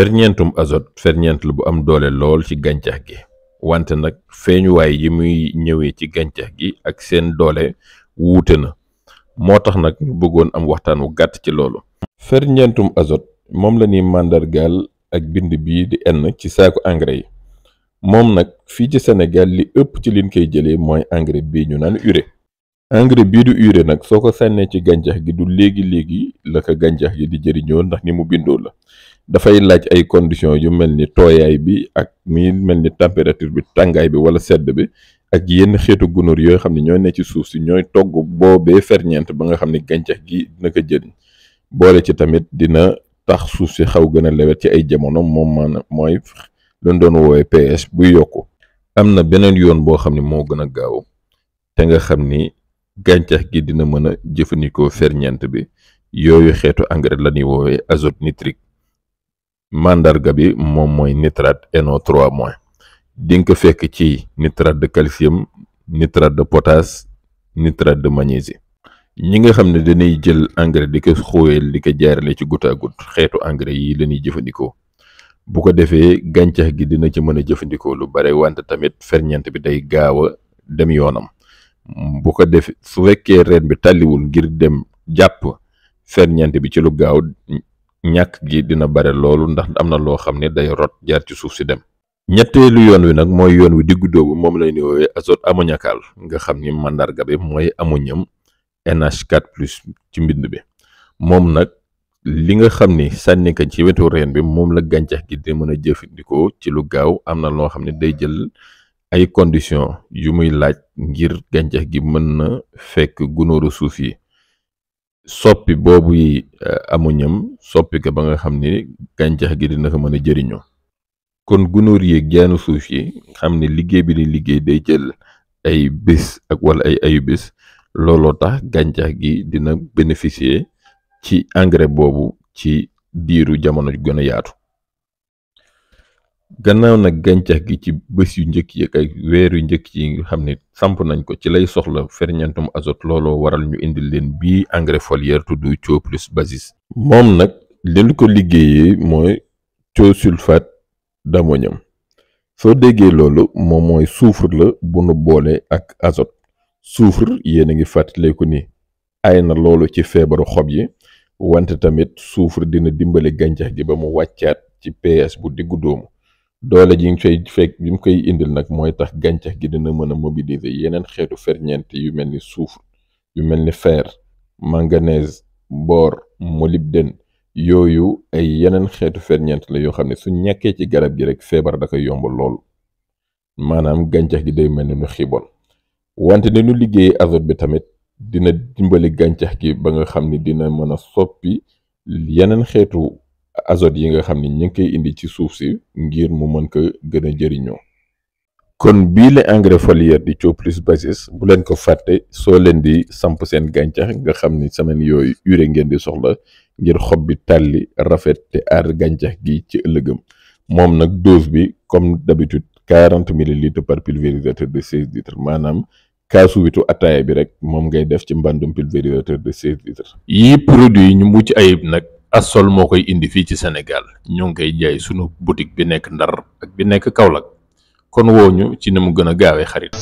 ferñeentum azote ferñeent bu am doole lool ci gàncax gi wante nag feeñuwaay yi muy ñëwee ci gàncax gi ak seen doole wuute na moo tax nag ñu bëggoon am waxtaan wu gàtt ci loolu. ferñeentum azote moom la ñuy màndargaal ak bind bi di enn ci saaku engrais yi moom nag fii ci Sénégal li ëpp ci liñ koy jëlee mooy engrais bii ñu naan urée. engrais bii du urée nag soo ko sànnee ci gàncax gi du léegi léegi la gàncax gi di jëriñoo ndax ni mu bindoo la dafay laaj ay conditions yu mel ni tooyaay bi ak muy mel ni température bi tàngaay bi wala sedd bi ak yenn xeetu gunóor yooy xam ne ñoo ne ci suuf si ñooy togg boobee ferñeent ba nga xam ne gàncax gi dina ko jëriñ boole ci tamit dina tax suuf si xaw gën a lewet ci ay jamono moom maanaam mooy lu doon woowee pH buy yokku am na beneen yoon boo xam ne moo gën a gaaw te xam ni. gàncax gi dina mën a jëfandikoo ferñeent bi yooyu xeetu engrais la ñuy woowee azote nitrique mandarga bi moom mooy nitrate NO3 moins di ko fekk ci nitrate de calcium nitrate de potasse nitrate de magnésie ñi nga xam ne dañuy jël engrais di ko xóoyal di ko jaarale ci goutte à xeetu engrais yi la jëfandikoo bu ko defee gàncax gi dina ci mën a jëfandikoo lu bare wante tamit ferñeent bi day gaaw a dem yoonam. bu ko defee su fekkee reen bi tàlliwul ngir dem jàpp ferñeent bi ci lu gaaw ñàkk gi dina bare loolu ndax am na loo xam ne day rot jaar ci suuf si dem ñetteelu yoon wi nag mooy yoon wi diggu dóomu moom lay ni woowee azote ammoniacal nga xam ni màndarga bi mooy ammonium NH4 plus ci mbind bi moom nag li nga xam ni sànni ci wetu reen bi moom la gàncax gi di mën a jëfandikoo ci lu gaaw am na loo xam ne day jël ay condition yu muy laaj ngir gàncax gi mën na fekk gunóoru suuf yi soppi boobu yi eh, amuñam soppi ko ba nga xam ni gàncax gi dina ko mën a jëriñoo kon gunóor yeeg jaanu suuf yi xam ni liggéey bi ni liggéey day jël ay bés ak wala ay ayu bés looloo tax gàncax gi dina bénéficier ci engrais boobu ci diiru jamono gën a yaatu gannaaw nag gàncax gi ci bés yu njëkk yi ak weer yu njëkk yi nga xam ni samp nañ ko ci lay soxla ferñeentum azot looloo waral ñu indi leen bii engrais foliaire tudd CHO plus basis moom nag li ko liggéeyee mooy thiosulfate d'ammonium soo déggee loolu moom mooy soufre la bu nu boole ak azote soufre yéen a ngi fàttaleeku ni ay na loolu ci feebaru xob yi wante tamit soufre dina dimbali gàncax gi ba mu wàccaat ci pH bu diggu doomu doole ji nga fay fekk bi mu koy indil nag mooy tax gàncax gi dina mën a mobiliser yeneen xeetu ferñeent yu mel ni soufre yu mel ni fer manganèse bor molybdène yooyu ay yeneen xeetu ferñeent la yoo xam ne su ñàkkee ci garab gi rek feebar da koy yomb lool maanaam gàncax gi day mel ni nu xiibon wante ni nu liggéey azote bi tamit dina dimbali gàncax gi ba nga xam ni dina mën a soppi yeneen xeetu azot yi nga xam ni ñu ngi koy indi ci suuf si ngir mu mën ko gën a jëriñoo kon bii la engrais foliaire di Thioplus basis bu leen ko fàtte soo leen di samp seen gàncax nga xam ni semaine yooyu urée ngeen di soxla ngir xob bi tàlli rafet te aar gàncax gi ci ëllëgam moom nag dose bi comme d'habitude quarante millilitres par pulvérisateur de seize litres maanaam kaasu witu ataaya bi rek moom ngay def ci mbàndum pulvérisateur de seize litres. yii produit ñu mucc ayib nag. sol moo koy indi fii ci Sénégal ñoo ngi koy jaay sunu boutique bi nekk Ndar ak bi nekk Kaolack kon woo ñu ci ni mu gën a gaawee xarit.